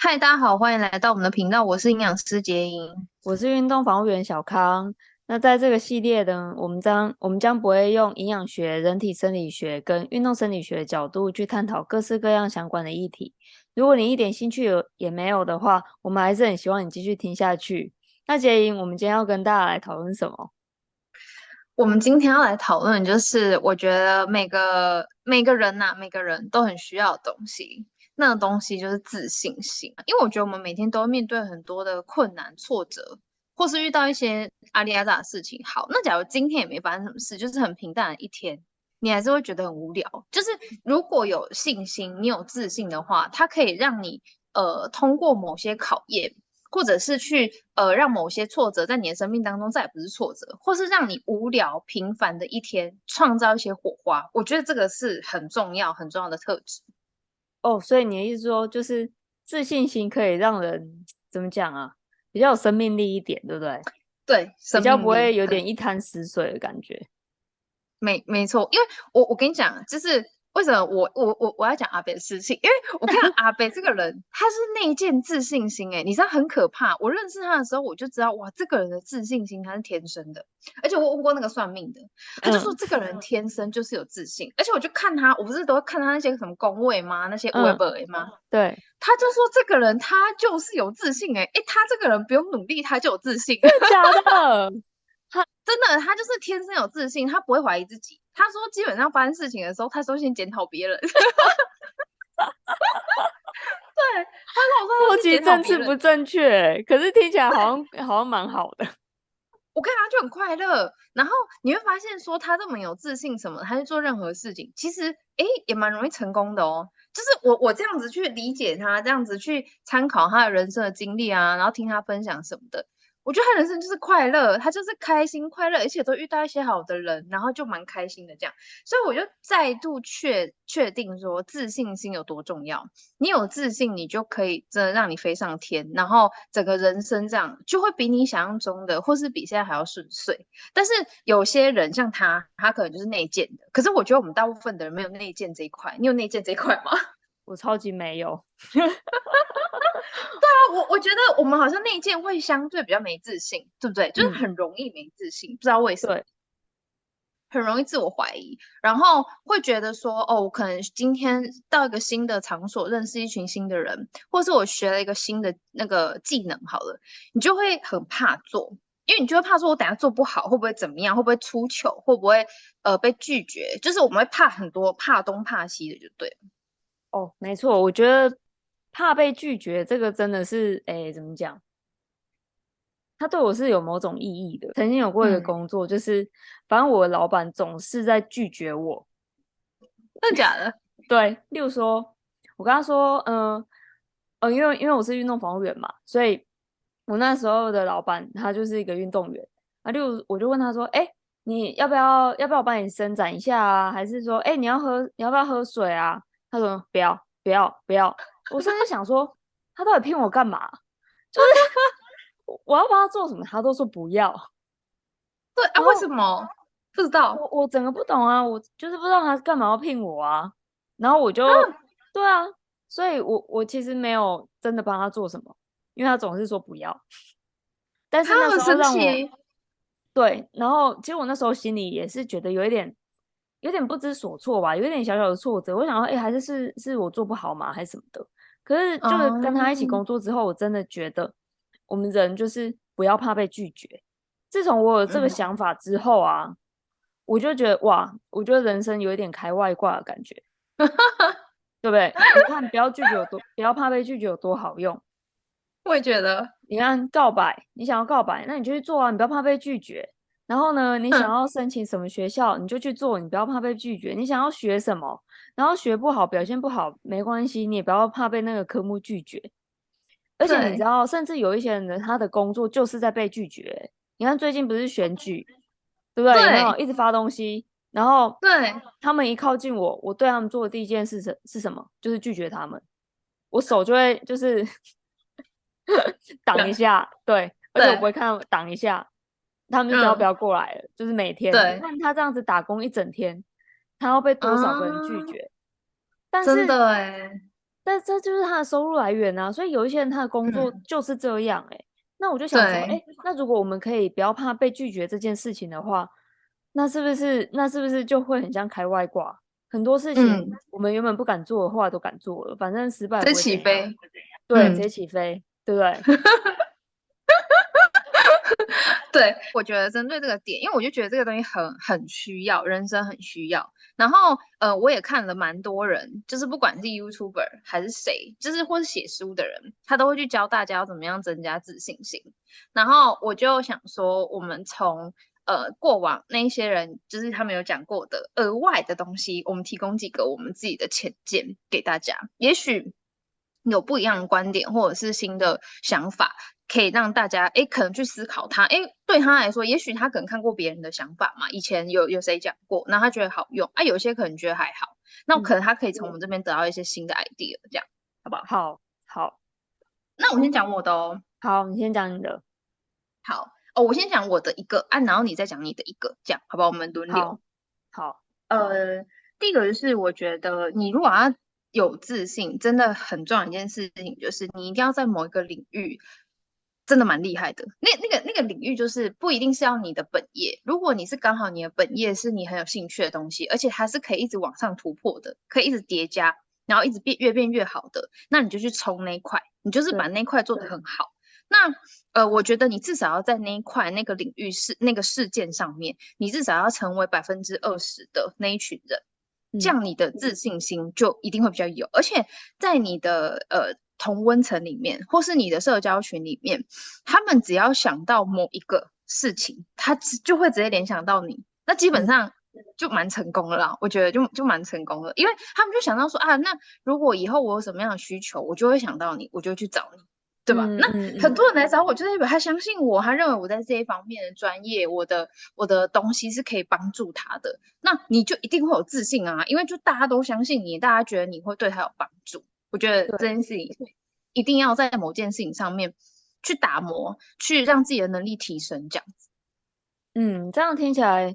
嗨，大家好，歡迎來到我們的頻道。我是營養師傑英，我是運動防護員小康。那在這個系列呢，我們將我們將不會用營養學、人體生理學跟運動生理學的角度去探討各式各樣相關的議題。如果你一點興趣也沒有的話，我們還是很希望你繼續聽下去。那傑英，我們今天要跟大家來討論什麼？我們今天要來討論，就是我覺得每個每個人吶、啊，每個人都很需要的東西。那個東西就是自信心，因為我覺得我們每天都會面對很多的困難、挫折，或是遇到一些阿哩阿雜的事情。好，那假如今天也沒發生什麼事，就是很平淡的一天，你還是會覺得很無聊。就是如果有信心，你有自信的話，它可以讓你呃通過某些考驗，或者是去呃讓某些挫折在你的生命當中再也不是挫折，或是讓你無聊平凡的一天創造一些火花。我覺得這個是很重要、很重要的特質。哦，所以你的意思說，就是自信心可以讓人怎麼講啊？比較有生命力一點，對不對？對，比較不會有點一灘死水的感覺。沒，沒錯，因為我我跟你講，就是。為什麼我我我我要講阿北的事情？因為我看阿北這個人， 他是內建自信心、欸，哎，你知道很可怕。我認識他的時候，我就知道哇，這個人的自信心他是天生的，而且我問過那個算命的，他就說這個人天生就是有自信，嗯，而且我就看他，我不是都看他那些什麼宮位嗎？那些 webber、嗯、對，他就說這個人他就是有自信、欸，哎、欸、哎，他這個人不用努力，他就有自信，假的 真的，他真的他就是天生有自信，他不會懷疑自己。他說，基本上發生事情的時候，他說先檢討別人。 對，他說其實政治不正確，可是聽起來好像好像蠻好的。我看他就很快樂，然後你會發現說他這麼有自信什麼，他就做任何事情，其實欸，也蠻容易成功的哦。就是我我這樣子去理解他，這樣子去參考他的人生的經歷啊，然後聽他分享什麼的。我覺得他人生就是快樂，他就是開心快樂，而且都遇到一些好的人，然後就蠻開心的這樣。所以我就再度確確定說，自信心有多重要。你有自信，你就可以真的讓你飛上天，然後整個人生這樣就會比你想象中的，或是比現在還要順遂。但是有些人像他，他可能就是內建的。可是我覺得我們大部分的人沒有內建這一塊，你有內建這一塊嗎？我超級沒有， 對啊，我我覺得我們好像內建會相對比較沒自信，對不對？嗯、就是很容易沒自信，不知道為什麼，很容易自我懷疑，然後會覺得說，哦，我可能今天到一個新的場所認識一群新的人，或是我學了一個新的那個技能，好了，你就會很怕做，因為你就會怕說，我等下做不好，會不會怎麼樣？會不會出糗？會不會呃被拒絕？就是我們會怕很多怕東怕西的，就對了哦，沒錯，我覺得怕被拒絕這個真的是，哎、欸，怎麼講？他對我是有某種意義的。曾經有過一個工作，嗯、就是反正我的老闆總是在拒絕我，真假的？ 對，例如說，我跟他說，嗯、呃，嗯、呃，因為因為我是運動防護員嘛，所以我那時候的老闆他就是一個運動員，啊，例如我就問他說，哎、欸，你要不要，要不要我幫你伸展一下啊？還是說，哎、欸，你要喝，你要不要喝水啊？他說不要不要不要，我甚至想說 他到底騙我幹嘛？就是 我,我要幫他做什麼，他都說不要。對啊，為什麼？不知道，我我整個不懂啊，我就是不知道他幹嘛要騙我啊。然後我就啊對啊，所以我我其實沒有真的幫他做什麼，因為他總是說不要。但是那時候讓我他很生氣。對，然後其實我那時候心裡也是覺得有一點。有點不知所措吧，有點小小的挫折。我想說，哎、欸，還是是是我做不好嗎，還是什麼的？可是，就是跟他一起工作之後，嗯、我真的覺得，我們人就是不要怕被拒絕。自從我有這個想法之後啊，嗯、我就覺得哇，我覺得人生有一點開外掛的感覺， 對不對？你、欸、看，不要拒絕有多， 不要怕被拒絕有多好用。我也覺得，你看告白，你想要告白，那你就去做啊，你不要怕被拒絕。然後呢，你想要申請什麼學校，嗯，你就去做，你不要怕被拒絕。你想要學什麼，然後學不好，表現不好，沒關係，你也不要怕被那個科目拒絕。而且你知道，甚至有一些人，他的工作就是在被拒絕、欸。你看最近不是選舉，對，對不對？然後一直發東西，然後對，他們一靠近我，我對他們做的第一件事是是什麼？就是拒絕他們，我手就會就是擋 一下對對，對，而且我不會看他們，擋一下。他們就不要過來了，嗯、就是每天對，看他這樣子打工一整天，他要被多少個人拒絕？啊、但是，對、欸，但這就是他的收入來源啊！所以有一些人他的工作就是這樣、欸，哎、嗯，那我就想說，哎、欸，那如果我們可以不要怕被拒絕這件事情的話，那是不是，那是不是就會很像開外掛？很多事情我們原本不敢做的話，都敢做了，嗯、反正失敗、啊。直接起飛，對、嗯，直接起飛，對不對，對？ 對，我覺得針對這個點，因為我就覺得這個東西很很需要，人生很需要。然後，呃，我也看了蠻多人，就是不管是 YouTuber 還是誰，就是或是寫書的人，他都會去教大家要怎麼樣增加自信心。然後我就想說，我們從呃過往那一些人，就是他們有講過的額外的東西，我們提供幾個我們自己的淺見給大家，也許有不一樣的觀點或者是新的想法。可以讓大家，欸，可能去思考他哎，欸，對他來說，也許他可能看過別人的想法嘛。以前有有誰講過，然後他覺得好用啊，有些可能覺得還好。那可能他可以從我們這邊得到一些新的 idea，嗯，這樣好不好？好，好。那我先講我的哦。嗯，好，你先講你的。好哦，我先講我的一個，啊，然後你再講你的一個，這樣好不好？我們輪流。好。好呃，好，第一個就是我覺得你如果要有自信，真的很重要的一件事情，就是你一定要在某一個領域。真的蠻厲害的，那那個那個領域就是不一定是要你的本業。如果你是剛好你的本業是你很有興趣的東西，而且它是可以一直往上突破的，可以一直疊加，然後一直變越變越好的，那你就去衝那一塊，你就是把那一塊做得很好。那呃，我覺得你至少要在那一塊那個領域是那個事件上面，你至少要成為百分之二十的那一群人，這樣你的自信心就一定會比較有，嗯、而且在你的呃。同溫層裡面，或是你的社交群裡面，他們只要想到某一個事情，他就會直接聯想到你，那基本上就蠻成功了啦。我覺得就就蠻成功了。因為他們就想到說啊，那如果以後我有什麼樣的需求，我就會想到你，我就會去找你，對吧？嗯，那很多人來找我，就代表他相信我，他認為我在這一方面的專業，我的我的東西是可以幫助他的。那你就一定會有自信啊，因為就大家都相信你，大家覺得你會對他有幫助。我覺得珍惜，一定要在某件事情上面去打磨，去讓自己的能力提升。這樣子。嗯，這樣聽起來，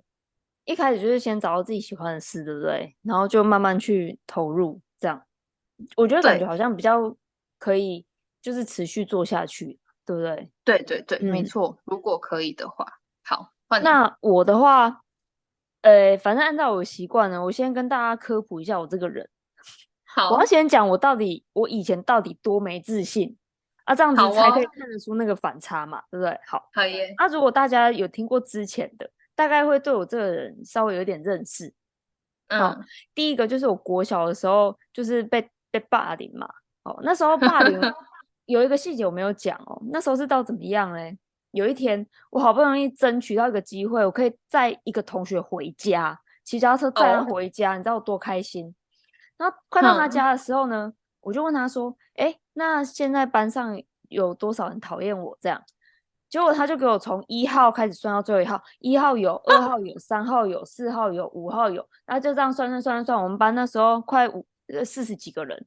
一開始就是先找到自己喜歡的事，對不對？然後就慢慢去投入。這樣，我覺得感覺好像比較可以，就是持續做下去，對，對不對？對對對，沒錯，嗯。如果可以的話，好，換你。那我的話，呃，反正按照我的習慣呢，我先跟大家科普一下我這個人。好哦、我要先講我到底我以前到底多沒自信啊，這樣子才可以看得出那個反差嘛，哦、對不對？好，可以。那、啊、如果大家有聽過之前的，大概會對我這個人稍微有點認識。嗯，啊、第一個就是我國小的時候就是被被霸凌嘛、啊霸凌。 哦，那時候霸凌有一個細節我沒有講哦，那時候是到怎麼樣呢？有一天我好不容易爭取到一個機會，我可以載一個同學回家騎腳踏車載他回家，哦，你知道我多開心。然後快到他家的時候呢，嗯、我就問他說：“哎，那現在班上有多少人討厭我？”這樣，結果他就給我從一號開始算到最後一號，一號有，啊、二號有，三號有，四號有，五號有，那就這樣算算算算，我們班那時候快五四十幾個人。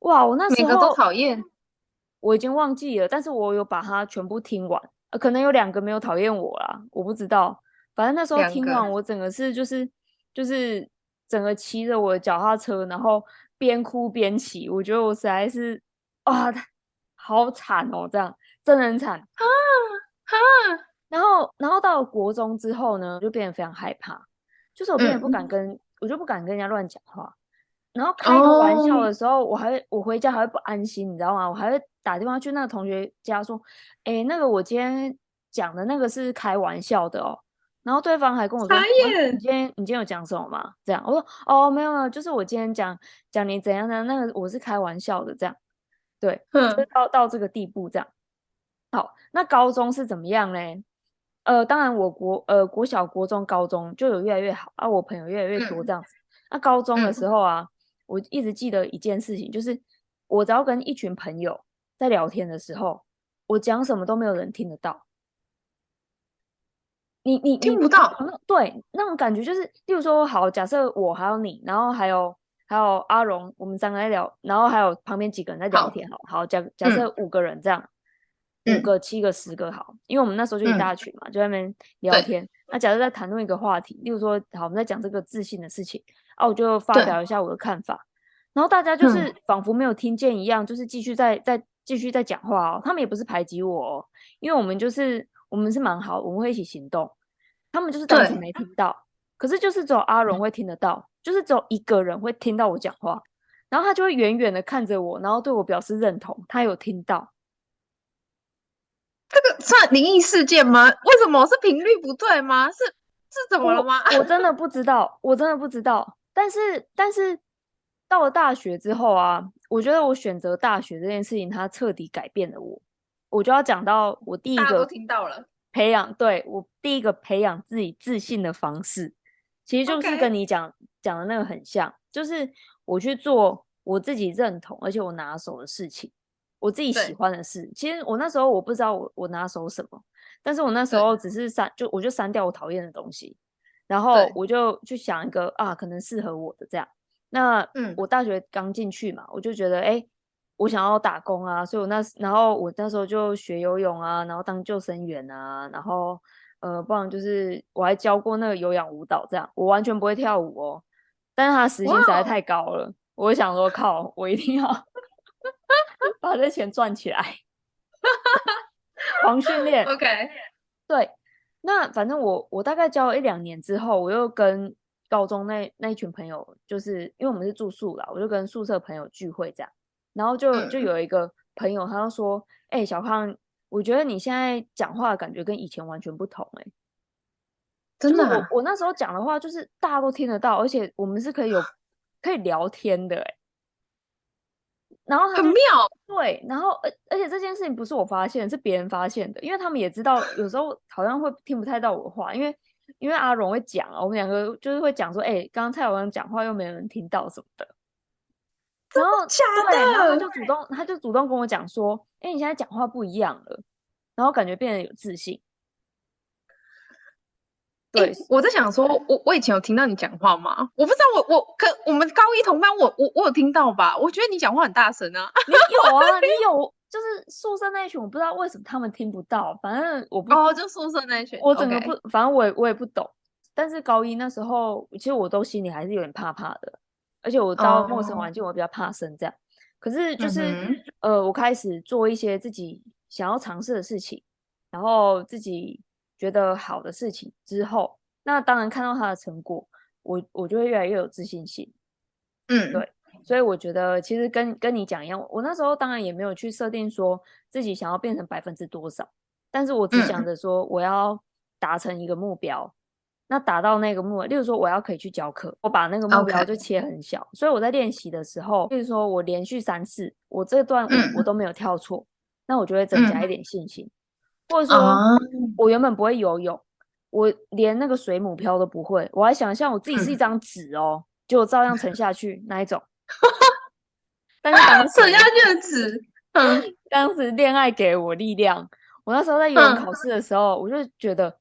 哇，我那時候每個都討厭，我已經忘記了，但是我有把它全部聽完，可能有兩個沒有討厭我啦，我不知道。反正那時候聽完，我整個是就是就是。整個騎着我的腳踏車，然後邊哭邊騎。我覺得我實在是哇，好慘哦，這樣真的很慘啊，啊，然後，然後到了國中之後呢，就變得非常害怕，就是我變得不敢跟、嗯、我就不敢跟人家亂講話，然後開個玩笑的時候，哦、我還我回家還會不安心，你知道嗎？我還會打電話去那個同學家說，哎、欸，那個我今天講的那個是開玩笑的哦。然後對方還跟我說：“你今天你今天有講什麼嗎？”這樣我說：“哦，沒有沒有，就是我今天講講你怎樣呢？那個我是開玩笑的，這樣，對，嗯、就到到這個地步這樣。好，那高中是怎麼樣嘞？呃，當然我國呃國小國中高中就有越來越好啊，我朋友越來越多這樣子。那、嗯啊、高中的時候啊，我一直記得一件事情，就是我只要跟一群朋友在聊天的時候，我講什麼都沒有人聽得到。”你你,你聽不到、啊，對，那種感覺就是，例如說，好，假設我還有你，然後還有還有阿榮，我們三個在聊，然後還有旁邊幾個人在聊天，好好假假設五個人這樣、嗯，五個、七個、十個，好，因為我們那時候就一大群嘛，嗯、就在那邊聊天。那假設在談論一個話題，例如說，好，我們在講這個自信的事情，哦、啊，我就發表一下我的看法，然後大家就是仿佛沒有聽見一樣，嗯、就是繼續在在繼續在講話哦，他們也不是排擠我、哦，因為我們就是。我們是蠻好，我們會一起行動。他們就是當時沒聽到，可是就是只有阿榮會聽得到、嗯，就是只有一個人會聽到我講話，然後他就會遠遠的看着我，然後對我表示認同，他有聽到。這個算靈異事件嗎？為什麼？是頻率不對嗎？是是怎麼了嗎？我，我真的不知道，我真的不知道。但是但是到了大學之後啊，我覺得我選擇大學這件事情，它徹底改變了我。我就要講到我第一個都聽到了培養對，我第一個培養自己自信的方式，其實就是跟你講講、Okay. 的那個很像，就是我去做我自己認同而且我拿手的事情，我自己喜歡的事。其實我那時候我不知道我我拿手什麼，但是我那時候只是刪就我就刪掉我討厭的東西，然後我就去想一個啊，可能適合我的這樣。那嗯，我大學剛進去嘛，我就覺得哎。欸我想要打工啊，所以我那然後我那時候就學游泳啊，然後當救生員啊，然後呃，不然就是我還教過那個有氧舞蹈，這樣。我完全不會跳舞哦，但是他時薪實，實在太高了，wow. 我想說，靠，我一定要把這錢賺起來，狂 訓練。OK，對，那反正我我大概教了一兩年之後，我又跟高中那那一群朋友，就是因為我們是住宿啦，我就跟宿舍朋友聚會這樣。然後就就有一個朋友，他就說：“哎、嗯欸，小康，我覺得你現在講話的感覺跟以前完全不同。”哎，真的，就是、我我那時候講的話就是大家都聽得到，而且我們是可以有可以聊天的，欸。哎，然後很妙，對，然後而而且這件事情不是我發現，是別人發現的，因為他們也知道，有時候好像會聽不太到我的話，因為因為阿榮會講啊，我們兩個就是會講說：“哎、欸，剛剛蔡老講話又沒有人聽到什麼的。”然後，真的假的？對，然後就主動，他就主動跟我講說：“哎、欸，你現在講話不一樣了，然後感覺變得有自信。對”對、欸，我在想說，我我以前有聽到你講話嗎？我不知道我，我我可我們高一同班我，我我我有聽到吧？我覺得你講話很大聲啊，你有啊， 你有，就是宿舍那一群，我不知道為什麼他們聽不到。反正我不知道、哦，就宿舍那一群，我整個不，okay、反正我也我也不懂。但是高一那時候，其實我都心裡還是有點怕怕的。而且我到陌生環境，我比較怕生這樣、oh.。可是就是、mm -hmm. 呃，我開始做一些自己想要嘗試的事情，然後自己覺得好的事情之後，那當然看到它的成果，我我就會越來越有自信心。嗯、mm -hmm.，對。所以我覺得其實跟跟你講一樣，我那時候當然也沒有去設定說自己想要變成百分之多少，但是我只想着說我要達成一個目標。Mm -hmm. .那達到那個目標，例如說，我要可以去教課，我把那個目標就切很小，okay. 所以我在練習的時候，例如說，我連續三次，我這段我，、嗯、我都沒有跳錯，那我就會增加一點信心。嗯、或者說、uh -huh. 我原本不會游泳，我連那個水母漂都不會，我還想象我自己是一張紙哦，結果照樣沉下去， 那一種？哈哈。但是沉當 下去的紙，嗯，當時戀愛給我力量。我那時候在游泳考試的時候， 我就覺得。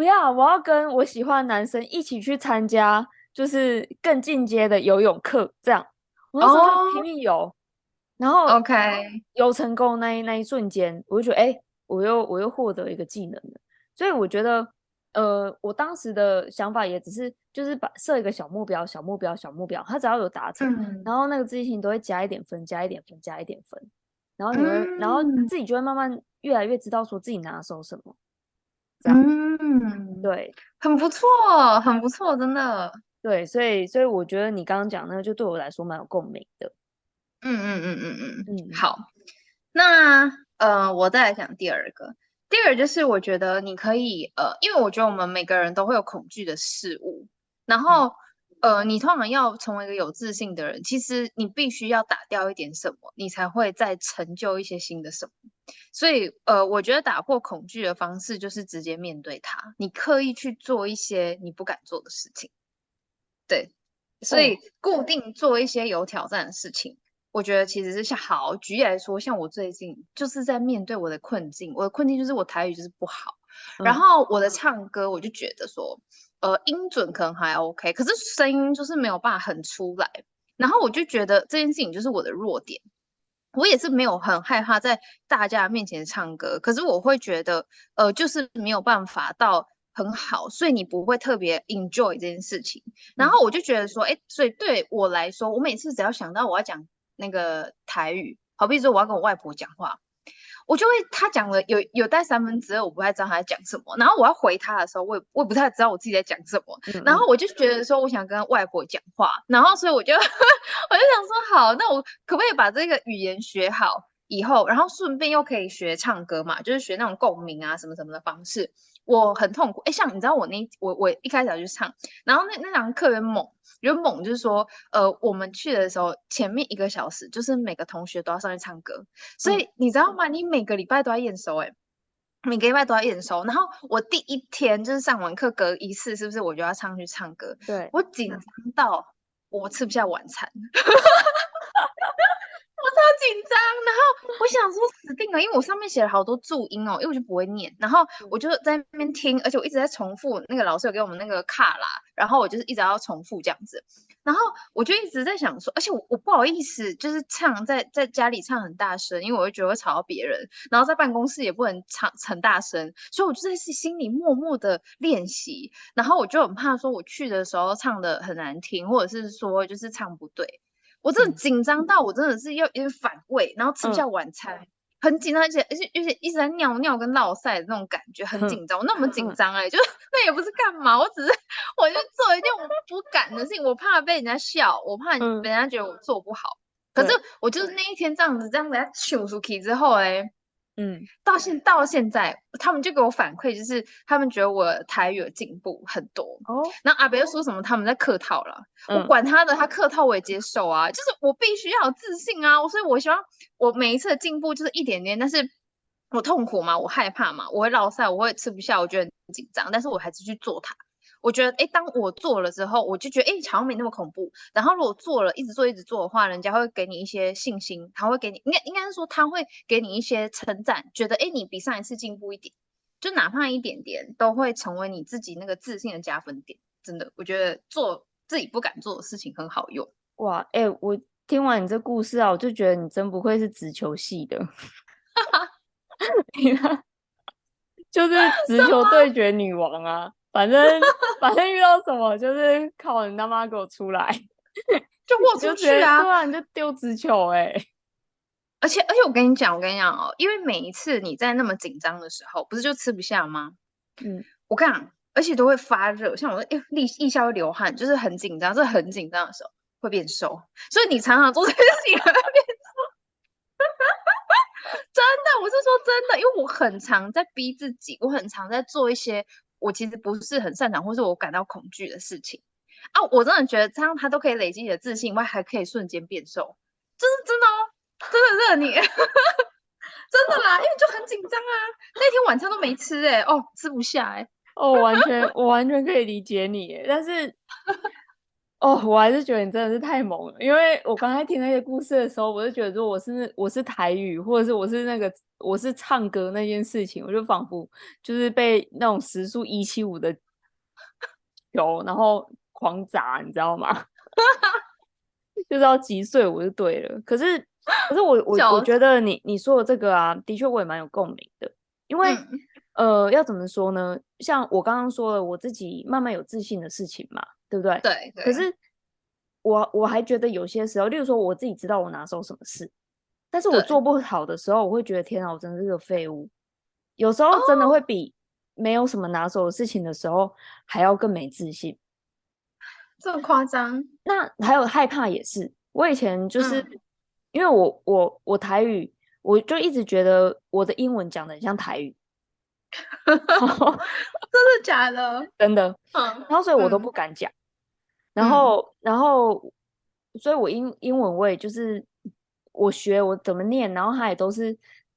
不要，我要跟我喜歡的男生一起去參加，就是更進階的游泳課。這樣，我那時就說拼命游，Oh. 然後 OK 然後游成功那一那一瞬間，我就覺得，哎，我又我又獲得一個技能了。所以我覺得，呃，我當時的想法也只是就是把設一個小目、小目標，小目標，小目標，他只要有達成、嗯，然後那個自信心都會加一點分，加一點分，加一點分，然後你們，嗯、然後自己就會慢慢越來越知道說自己拿手什麼。嗯，對，很不錯，很不錯，真的，對，所以，所以我覺得你剛剛講那個，就對我來說蠻有共鳴的。嗯嗯嗯嗯嗯嗯，好，那呃，我再來講第二個，第二就是我覺得你可以呃，因為我覺得我們每個人都會有恐懼的事物，然後。嗯呃，你通常要成為一個有自信的人，其實你必須要打掉一點什麼，你才會再成就一些新的什麼。所以，呃，我覺得打破恐懼的方式就是直接面對它，你刻意去做一些你不敢做的事情。對，所以固定做一些有挑戰的事情，哦、我覺得其實是像好舉例來說，像我最近就是在面對我的困境，我的困境就是我台語就是不好，嗯、然後我的唱歌我就覺得說。呃，音準可能還 OK，可是聲音就是沒有辦法很出來。然後我就覺得這件事情就是我的弱點。我也是沒有很害怕在大家面前唱歌，可是我會覺得，呃，就是沒有辦法到很好，所以你不會特別 enjoy 這件事情。然後我就覺得說，哎、欸，所以對我來說，我每次只要想到我要講那個台語，好比說我要跟我外婆講話。我就會他講了有有帶三分之二，我不太知道他在講什麼。然後我要回他的時候，我也，我我也不太知道我自己在講什麼，嗯嗯。然後我就覺得說，我想跟外婆講話。然後所以我就 我就想說，好，那我可不可以把這個語言學好以後，然後順便又可以學唱歌嘛？就是學那種共鳴啊什麼什麼的方式。我很痛苦哎，欸、像你知道我那我我一開始就去唱，然後那那堂課也猛，有點猛就是說，呃，我們去的時候前面一個小時就是每個同學都要上去唱歌，所以你知道嗎？嗯、你每個禮拜都要驗收哎、欸嗯，每個禮拜都要驗收。然後我第一天就是上完課隔一次，是不是我就要上去唱歌？對，我緊張到我吃不下晚餐。 我超緊張，然後我想說死定了，因為我上面寫了好多注音哦，因為我就不會念，然後我就在那邊聽，而且我一直在重複那個老師有給我們那個卡啦，然後我就是一直要重複這樣子，然後我就一直在想說，而且我我不好意思，就是唱在在家裡唱很大聲，因為我會覺得會吵到別人，然後在辦公室也不能唱很大聲，所以我就在心裡默默的練習，然後我就很怕說我去的時候唱的很難聽，或者是說就是唱不對。我真的緊張到我真的是要有點反胃，然後吃不下晚餐，嗯、很緊張，而且而且而且一直在尿尿跟落曬的那種感覺，很緊張、嗯，我那麼緊張誒，就是那也不是幹嘛、嗯，我只是我就做一件我不敢的事情，我怕被人家笑，我怕人家覺得我做不好，嗯、可是我就是那一天這樣子、嗯、這樣子想出去之後誒、欸嗯，到現到現在，他們就給我反饋，就是他們覺得我的台語有進步很多。哦，然後阿北又說什麼他們在客套了、嗯，我管他的，他客套我也接受啊。就是我必須要有自信啊，所以我希望我每一次的進步就是一點點。但是我痛苦嘛，我害怕嘛，我會落賽，我會吃不下，我覺得很緊張。但是我還是去做它。我覺得，哎、欸，當我做了之後，我就覺得，哎、欸，好像沒那麼恐怖。然後，如果做了一直做一直做的話，人家會給你一些信心，他會給你，應該應該是說，他會給你一些稱讚，覺得，哎、欸，你比上一次進步一點，就哪怕一點點，都會成為你自己那個自信的加分點。真的，我覺得做自己不敢做的事情很好用哇！哎、欸，我聽完你這故事啊，我就覺得你真不愧是直球系的，哈哈，你看，就是直球對決女王啊！ 反正 反正遇到什麼就是靠你他媽給我出來， 就豁出去啊！你就丟直 球哎、欸！而且而且我跟你講，我跟你講哦，因為每一次你在那麼緊張的時候，不是就吃不下嗎？嗯，我跟你講而且都會發熱，像我說、欸、一立一下會流汗，就是很緊張，這很緊張的時候會變瘦，所以你常常做這些事情還會變瘦。 真的，我是說真的，因為我很常在逼自己，我很常在做一些。我其實不是很擅長，或是我感到恐懼的事情啊！我真的覺得這樣，他都可以累積你的自信以外，外還可以瞬間變瘦，這是真的哦，真的熱你， 真的啦，因為就很緊張啊，那天晚餐都沒吃、欸、哦，吃不下、欸 哦、我完全我完全可以理解你、欸，但是。 哦，我還是覺得你真的是太猛了，因為我剛才聽那些故事的時候，我就覺得說我是我是台語，或者是我是那個我是唱歌那件事情，我就仿佛就是被那種時速一七五的球然後狂砸，你知道嗎？ 就是要擊碎我就對了。可是可是我我我覺得你你說的這個啊，的確我也蠻有共鳴的，因為、嗯、呃要怎麼說呢？像我剛剛說了，我自己慢慢有自信的事情嘛。對不對？對。對啊。可是我我還覺得有些時候，例如說我自己知道我拿手什麼事，但是我做不好的時候，我會覺得天啊，我真的是個廢物。有時候真的會比沒有什麼拿手的事情的時候還要更沒自信。這麼誇張？那還有害怕也是，我以前就是、嗯、因為我我我台語，我就一直覺得我的英文講的很像台語。真的假的？真的。嗯。然後所以我都不敢講。然後、嗯，然後，所以我英英文我也就是我學我怎麼念，然後他也都是，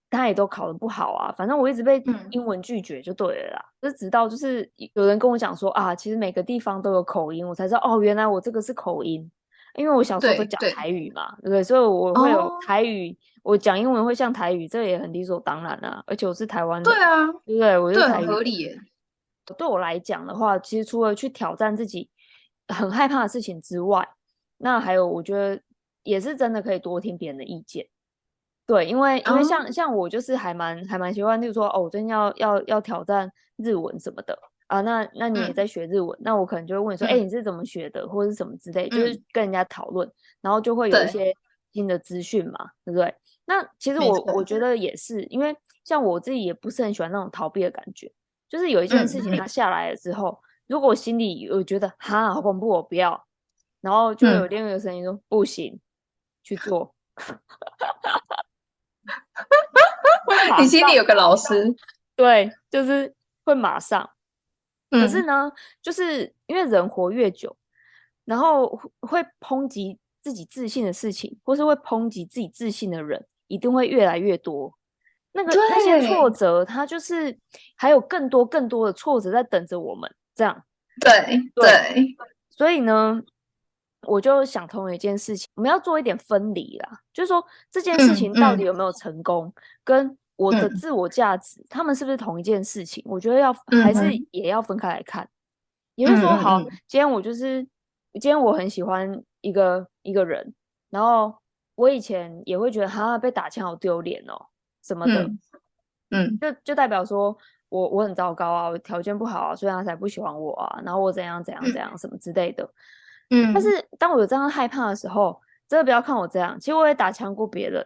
他也都考得不好啊。反正我一直被英文拒絕就對了啦。嗯、就直到就是有人跟我講說啊，其實每個地方都有口音，我才知道哦，原來我這個是口音，因為我小時候都講台語嘛，對，對對不對？所以我會有台語，我講英文會像台語，這也很理所當然啊。而且我是台灣人，對啊，對不對？我覺得很合理。對我來講的話，其實除了去挑戰自己。很害怕的事情之外，那還有我覺得也是真的可以多聽別人的意見，對，因為因為像像我就是還蠻還蠻喜歡，就是說哦，我最近要要要挑戰日文什麼的啊，那那你也在學日文，嗯、那我可能就會問你說，哎、嗯欸，你是怎麼學的，或者是什麼之類，嗯、就是跟人家討論，然後就會有一些新的資訊嘛，對，對不對？那其實我我覺得也是，因為像我自己也不是很喜歡那種逃避的感覺，就是有一件事情、嗯、它下來了之後。如果我心裡我覺得哈好恐怖，我不要，然後就有另外一個聲音說、嗯、不行去做， 你心裡有個老師，對，就是會馬上、嗯。可是呢，就是因為人活越久，然後會抨擊自己自信的事情，或是會抨擊自己自信的人，一定會越來越多。那個那些挫折，它就是還有更多更多的挫折在等着我們。這樣，對對，對，所以呢，我就想通了一件事情：我們要做一點分離啦，就是說這件事情到底有沒有成功，嗯嗯、跟我的自我價值，他、嗯、們是不是同一件事情？我覺得要、嗯、還是也要分開來看、嗯。也就是說，好，今天我就是今天我很喜歡一個一個人，然後我以前也會覺得哈被打槍好丟臉哦，什麼的，嗯，嗯就就代表說。我我很糟糕啊，我條件不好啊，所以他才不喜歡我啊。然後我怎樣怎樣怎樣什麼之類的，嗯。但是當我有這樣害怕的時候，真的不要看我這樣。其實我也打槍過別人，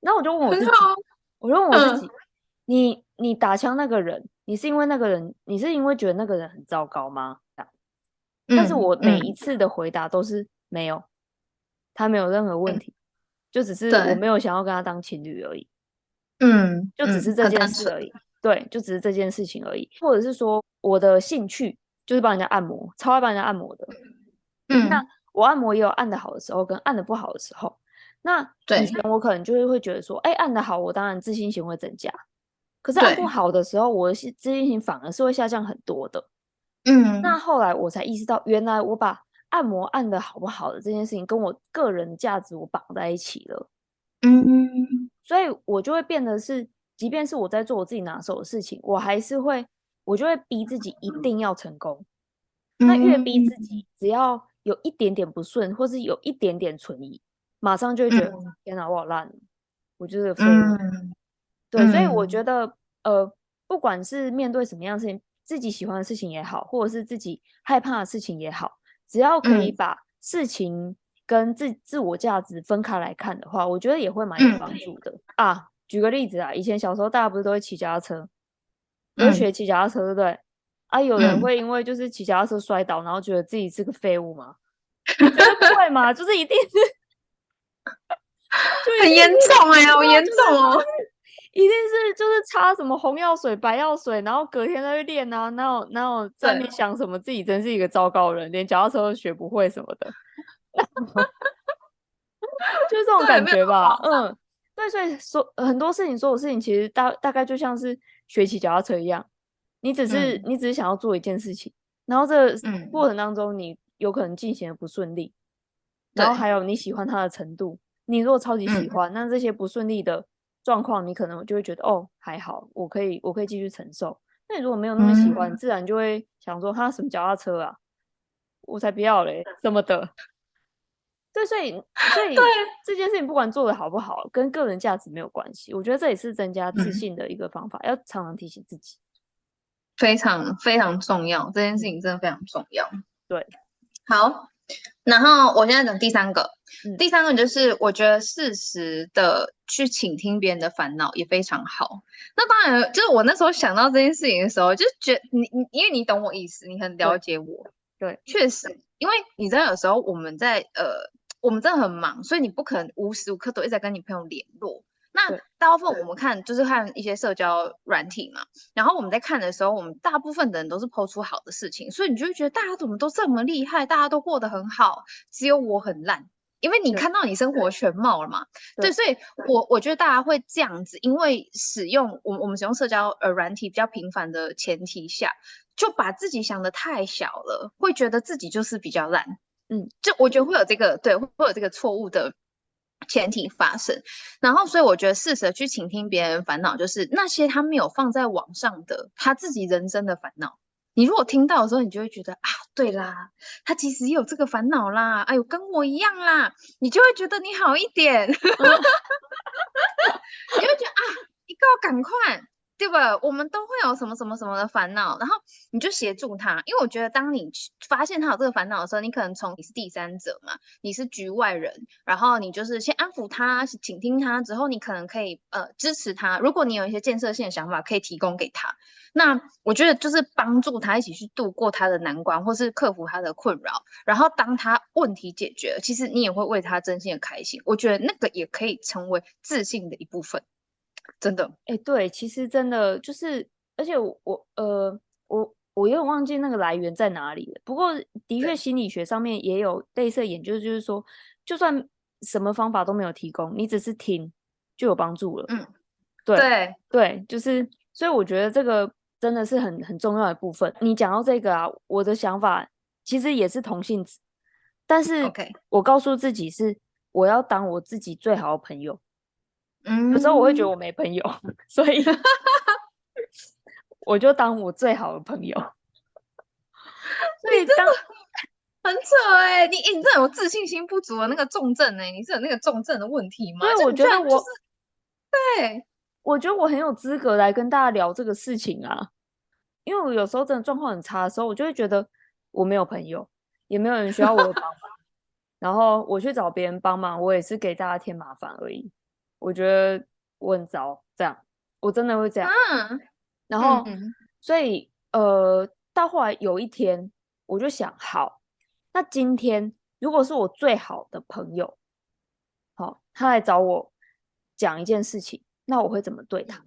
那我就問我自己，我就問我自己，嗯、你你打槍那個人，你是因為那個人，你是因為覺得那個人很糟糕嗎？這樣。但是我每一次的回答都是、嗯、沒有，他沒有任何問題、嗯，就只是我沒有想要跟他當情侶而已。嗯，就只是這件事而已。嗯嗯對，就只是這件事情而已，或者是說我的興趣就是幫人家按摩，超愛幫人家按摩的。嗯，那我按摩也有按得好的時候，跟按得不好的時候。那以前我可能就會會覺得說，哎、欸，按得好，我當然自信心會增加。可是按不好的時候，我的自信心反而是會下降很多的。嗯。那後來我才意識到，原來我把按摩按得好不好的這件事情，跟我個人價值我綁在一起了。嗯。所以我就會變得是。即便是我在做我自己拿手的事情，我還是會，我就會逼自己一定要成功。嗯、那越逼自己，只要有一點點不順，或是有一點點存疑，馬上就會覺得、嗯、天哪、啊，我好爛，我就是廢物、嗯。對，所以我覺得，呃，不管是面對什麼樣的事情，自己喜歡的事情也好，或者是自己害怕的事情也好，只要可以把事情跟自自我價值分開來看的話，我覺得也會蠻有幫助的、嗯、啊。舉個例子啊，以前小時候大家不是都會騎腳踏車，都、嗯、學騎腳踏車，對不對？啊，有人會因為就是騎腳踏車摔倒，然後覺得自己是個廢物嗎？嗯、覺得不會嗎？ 就是一定是，很嚴重哎、欸、呀，好 嚴重哦、喔！一定是就是擦什麼紅藥水、白藥水，然後隔天再去練啊？然後然後在你想什麼自己真是一個糟糕人，連腳踏車都學不會什麼的？ 就這種感覺吧，嗯。對，所以說很多事情，所有事情其實大大概，就像是學騎腳踏車一樣，你只是、嗯、你只是想要做一件事情，然後這過程當中你有可能進行的不順利、嗯，然後還有你喜歡它的程度，你如果超級喜歡，嗯、那這些不順利的狀況你可能就會覺得、嗯、哦還好，我可以我可以繼續承受。那你如果沒有那麼喜歡，嗯、自然就會想說它什麼腳踏車啊，我才不要嘞，什麼的。對，所以所以對、啊、這件事情不管做的好不好，跟個人價值沒有關係。我覺得這也是增加自信的一個方法，嗯、要常常提醒自己，非常非常重要。這件事情真的非常重要。對，好，然後我現在講第三個，嗯、第三個就是我覺得適時的去傾聽別人的煩惱也非常好。那當然，就是我那時候想到這件事情的時候，就覺得你你因為你懂我意思，你很了解我對。對，確實，因為你知道有時候我們在呃。我們真的很忙，所以你不可能無時無刻都一直在跟你朋友聯絡。那大部分我們看就是看一些社交軟體嘛，然後我們在看的時候，我們大部分的人都是 po 出好的事情，所以你就會覺得大家怎麼都這麼厲害，大家都過得很好，只有我很爛。因為你看到你生活全貌了嘛。對，對對，所以我我覺得大家會這樣子，因為使用我我們使用社交呃軟體比較頻繁的前提下，就把自己想得太小了，會覺得自己就是比較爛。嗯，就我覺得會有這個對，會有這個錯誤的前提發生。然後，所以我覺得適時去傾聽別人煩惱，就是那些他沒有放在網上的他自己人生的煩惱。你如果聽到的時候，你就會覺得啊，對啦，他其實也有這個煩惱啦，哎呦，跟我一樣啦，你就會覺得你好一點， 嗯、 你會覺得啊，你給我趕快。對吧？我們都會有什麼什麼什麼的煩惱，然後你就協助他。因為我覺得，當你去發現他有這個煩惱的時候，你可能從你是第三者嘛，你是局外人，然後你就是先安撫他，傾聽他之後，你可能可以呃支持他。如果你有一些建設性的想法，可以提供給他。那我覺得就是幫助他一起去度過他的難關，或是克服他的困擾，然後當他問題解決了，其實你也會為他真心的開心。我覺得那個也可以成為自信的一部分。真的，哎、欸，對，其實真的就是，而且我，我呃，我，我有點忘記那個來源在哪裡了。不過，的確心理學上面也有類似研究，就是說，就算什麼方法都沒有提供，你只是聽就有幫助了。嗯，對對對，就是，所以我覺得這個真的是很很重要的部分。你講到這個啊，我的想法其實也是同性子，但是我告訴自己是、okay. 我要當我自己最好的朋友。嗯，有時候我會覺得我沒朋友，嗯、所以 我就當我最好的朋友。所以這樣很扯哎！你你這有自信心不足的那個重症哎，你是有那個重症的問題嗎？對，就是、我覺得我對我覺得我很有資格來跟大家聊這個事情啊，因為我有時候真的狀況很差的時候，我就會覺得我沒有朋友，也沒有人需要我的幫忙。 然後我去找別人幫忙，我也是給大家添麻煩而已。我覺得我很糟，這樣我真的會這樣。嗯、啊，然後，嗯嗯，所以呃，到後來有一天，我就想，好，那今天如果是我最好的朋友，好、哦，他來找我講一件事情，那我會怎麼對他？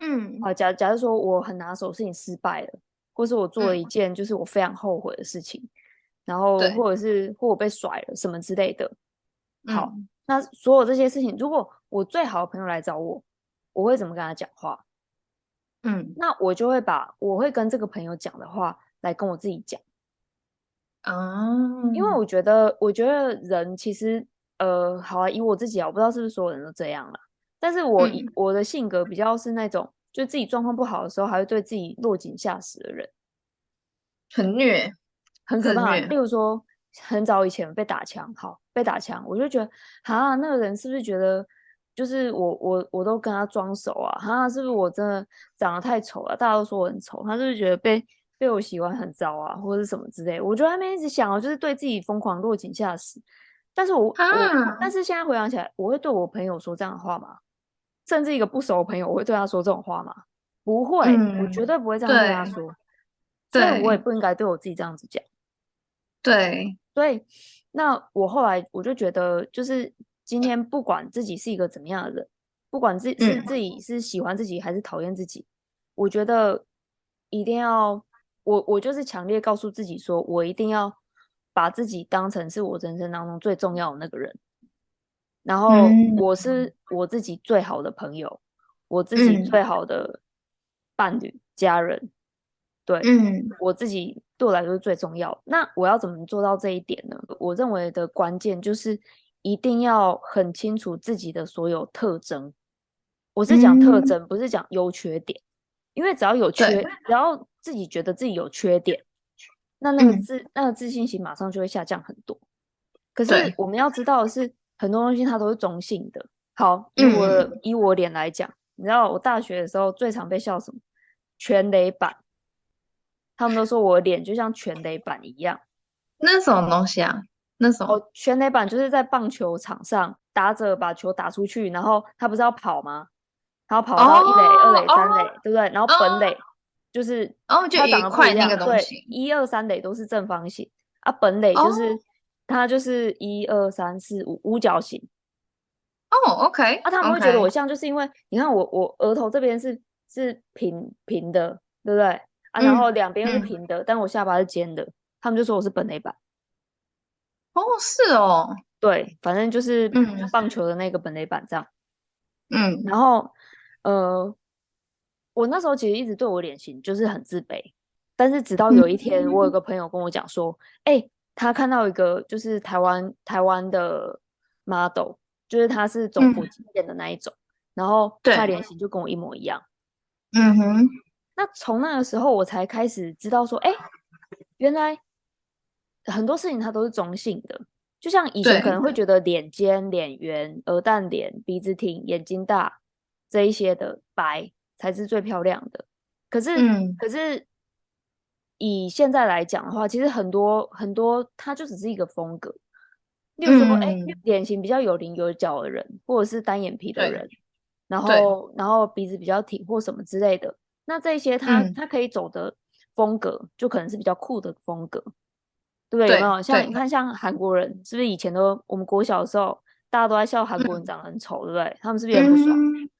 嗯，好、呃，假假如說我很拿手事情失敗了，或是我做了一件就是我非常後悔的事情，嗯、然後或者是或我被甩了什麼之類的，好。嗯那所有這些事情，如果我最好的朋友來找我，我會怎麼跟他講話？嗯，那我就會把我會跟這個朋友講的話來跟我自己講。啊、嗯、因為我覺得，我覺得人其實，呃，好啊，以我自己啊，我不知道是不是所有人都這樣了。但是我，我、嗯、我的性格比較是那種，就自己狀況不好的時候，還會對自己落井下石的人，很虐，很虐，很可怕啊，很虐。例如說。很早以前被打槍，好被打槍，我就覺得啊，那個人是不是覺得就是我我我都跟他裝熟啊，哈、啊，是不是我真的長得太醜了？大家都說我很醜，他是不是覺得被被我喜歡很糟啊，或者是什麼之類？我覺得他們一直想，哦，就是對自己瘋狂落井下石。但是我、啊、我但是現在回想起來，我會對我朋友說這樣的話嗎？甚至一個不熟的朋友，我會對他說這種話嗎？不會、嗯，我絕對不會這樣對他說。對，我也不應該對我自己這樣子講。對。所以，那我後來我就覺得，就是今天不管自己是一個怎麼樣的人，不管自是自己是喜歡自己還是討厭自己，嗯、我覺得一定要，我我就是強烈告訴自己，說我一定要把自己當成是我人生當中最重要的那個人，然後我是我自己最好的朋友，我自己最好的伴侶、嗯、家人，對，嗯，我自己。對我來說是最重要的。那我要怎麼做到這一點呢？我認為的關鍵就是一定要很清楚自己的所有特徵。我是講特徵，嗯、不是講優缺點。因為只要有缺，只要自己覺得自己有缺點，那那個自、嗯、那個自信心馬上就會下降很多。可是我們要知道的是，很多東西它都是中性的。好，以我、嗯、以我臉來講，你知道我大學的時候最常被笑什麼？全壘板。他們都說我臉就像全壘板一樣，那什麼東西啊？那什麼？哦，全壘板就是在棒球場上，打着把球打出去，然後他不是要跑嗎？然後跑，到一壘、oh, 二壘、三壘，oh. 對不對？然後本壘就是，哦，他長得不一樣。Oh, 就一塊那個東西對，一、二、三壘都是正方形，啊，本壘就是，它、oh. 就是一、二、三、四、五五角形。哦，oh, OK。啊，他們會覺得我像，就是因為，okay. 你看我，我額頭這邊是是平平的，對不對？啊嗯、然後兩邊是平的，嗯，但我下巴是尖的，他們就說我是本壘板哦，是哦。對，反正就是棒球的那個本壘板這樣。嗯。然後，呃，我那時候其實一直對我臉型就是很自卑，但是直到有一天，嗯，我有個朋友跟我講說，哎，嗯欸，他看到一個就是台灣台灣的 model，就是他是中普經典的那一種，嗯，然後他臉型就跟我一模一樣。嗯哼。嗯嗯嗯那從那個時候，我才開始知道說，哎、欸，原來很多事情它都是中性的。就像以前可能會覺得臉尖、臉圓、鵝蛋臉、鼻子挺、眼睛大這一些的白才是最漂亮的。可是，嗯、可是以現在來講的話，其實很多很多，它就只是一個風格。有時候，哎、嗯，欸、臉型比較有稜有角的人，或者是單眼皮的人，然後然後鼻子比較挺或什麼之類的。那這些他、嗯、他可以走的風格，就可能是比較酷的風格，對不對？像你看，像韓國人是不是以前都我們國小的時候大家都在笑韓國人長得很醜、嗯，對不對？他們是別人不是也很不爽、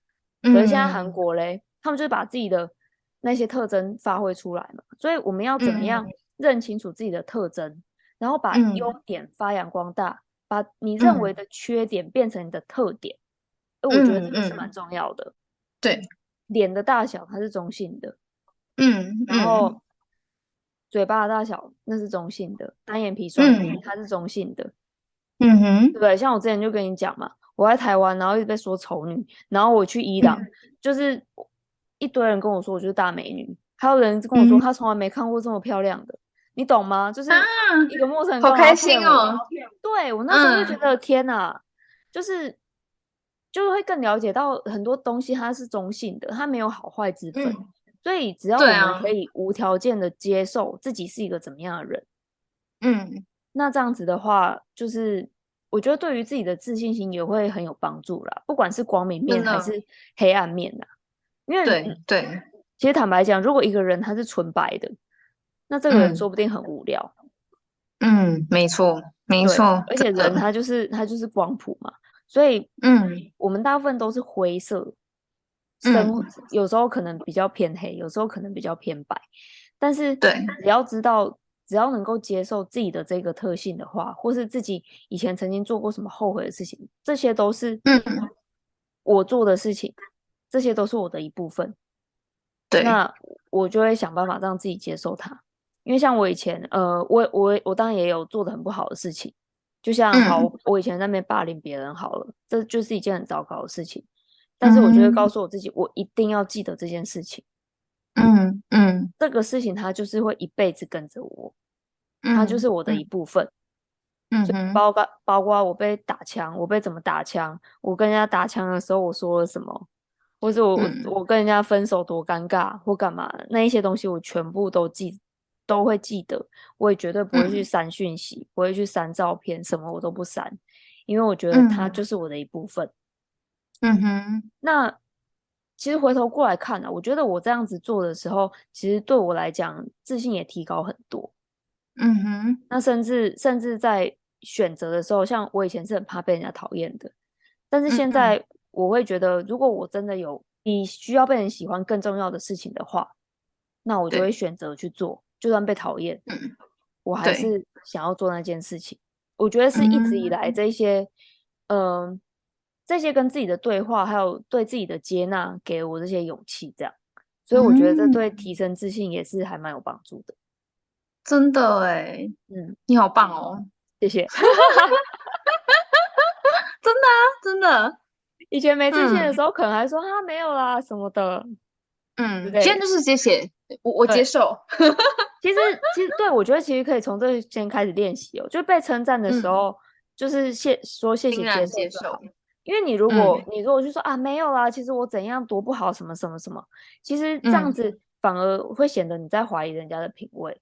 嗯，可是現在韓國嘞、嗯，他們就是把自己的那些特徵發揮出來嘛，所以我們要怎麼樣認清楚自己的特徵、嗯，然後把優點發揚光大、嗯，把你認為的缺點變成你的特點。哎、嗯，我覺得這個是蠻重要的，嗯嗯、對。臉的大小它是中性的，嗯，然後嘴巴的大小那是中性的，單眼皮、雙眼皮它是中性的，嗯哼，對，像我之前就跟你講嘛，我在台灣然後一直被說醜女，然後我去伊朗、嗯、就是一堆人跟我說我就是大美女，還有人跟我說他從來沒看過這麼漂亮的，嗯、你懂嗎？就是一個陌生人、嗯、好開心哦，對我那時候就覺得、嗯、天哪，就是。就是會更了解到很多東西，它是中性的，它沒有好壞之分，嗯，所以只要我們可以無條件的接受自己是一個怎麼樣的人，嗯，那這樣子的話，就是我覺得對於自己的自信心也會很有幫助啦，不管是光明面還是黑暗面的，因為對對，其實坦白講，如果一個人他是純白的，那這個人說不定很無聊，嗯，沒錯沒錯，而且人他就是，嗯，他就是光譜嘛。所以，嗯，我們大部分都是灰色，深、嗯，有時候可能比較偏黑，有時候可能比較偏白。但是，對，只要知道，只要能夠接受自己的這個特性的話，或是自己以前曾經做過什麼後悔的事情，這些都是，我做的事情、嗯，這些都是我的一部分。對，那我就會想辦法讓自己接受它，因為像我以前，呃，我我我，我當然也有做的很不好的事情。就像好，我以前在那邊霸凌別人好了，嗯，這就是一件很糟糕的事情。嗯，但是，我就會告訴我自己，我一定要記得這件事情。嗯嗯，這個事情它就是會一輩子跟着我，嗯，它就是我的一部分。嗯，包括嗯，包括我被打槍，我被怎麼打槍，我跟人家打槍的時候，我說了什麼，或者我，嗯、我跟人家分手多尷尬或幹嘛，那一些東西我全部都記。都會記得，我也絕對不會去刪訊息，嗯，不會去刪照片，什麼我都不刪，因為我覺得他就是我的一部分。嗯哼，那其實回頭過來看啊，我覺得我這樣子做的時候，其實對我來講自信也提高很多。嗯哼，那甚至甚至在選擇的時候，像我以前是很怕被人家討厭的，但是現在我會覺得，嗯嗯，如果我真的有比需要被人喜歡更重要的事情的話，那我就會選擇去做。嗯就算被討厭、嗯，我還是想要做那件事情。我覺得是一直以來這些，嗯、呃，這些跟自己的對話，還有對自己的接納，給我這些勇氣，這樣。所以我覺得這對提升自信也是還蠻有幫助的。真的哎、欸，嗯，你好棒哦，嗯、謝謝。 真的、啊，真的，以前沒這些的時候，可能還說、嗯、啊沒有啦什麼的。嗯，現在就是謝謝，我我接受。 其實，其實對我覺得，其實可以從這先開始練習哦。就是被稱讚的時候，嗯、就是謝說謝謝，接受接受。因為你如果、嗯、你如果就說啊沒有啦，其實我怎樣多不好什麼什麼什麼，其實這樣子反而會顯得你在懷疑人家的品味。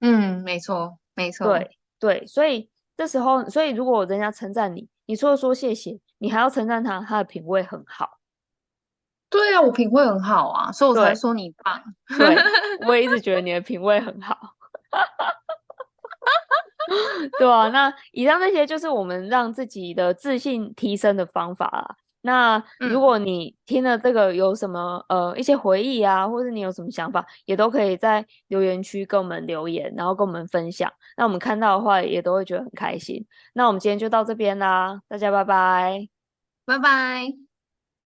嗯，沒錯，沒錯。對對，所以這時候，所以如果人家稱讚你，你除了說謝謝，你還要稱讚他，他的品味很好。對啊，我品味很好啊，所以我才說你棒。對， 對，我也一直覺得你的品味很好。 對啊，那以上這些就是我們讓自己的自信提升的方法啦。那如果你聽了這個有什麼、嗯、呃一些回憶啊，或是你有什麼想法，也都可以在留言區跟我們留言，然後跟我們分享。那我們看到的話也都會覺得很開心。那我們今天就到這邊啦，大家拜拜，拜拜。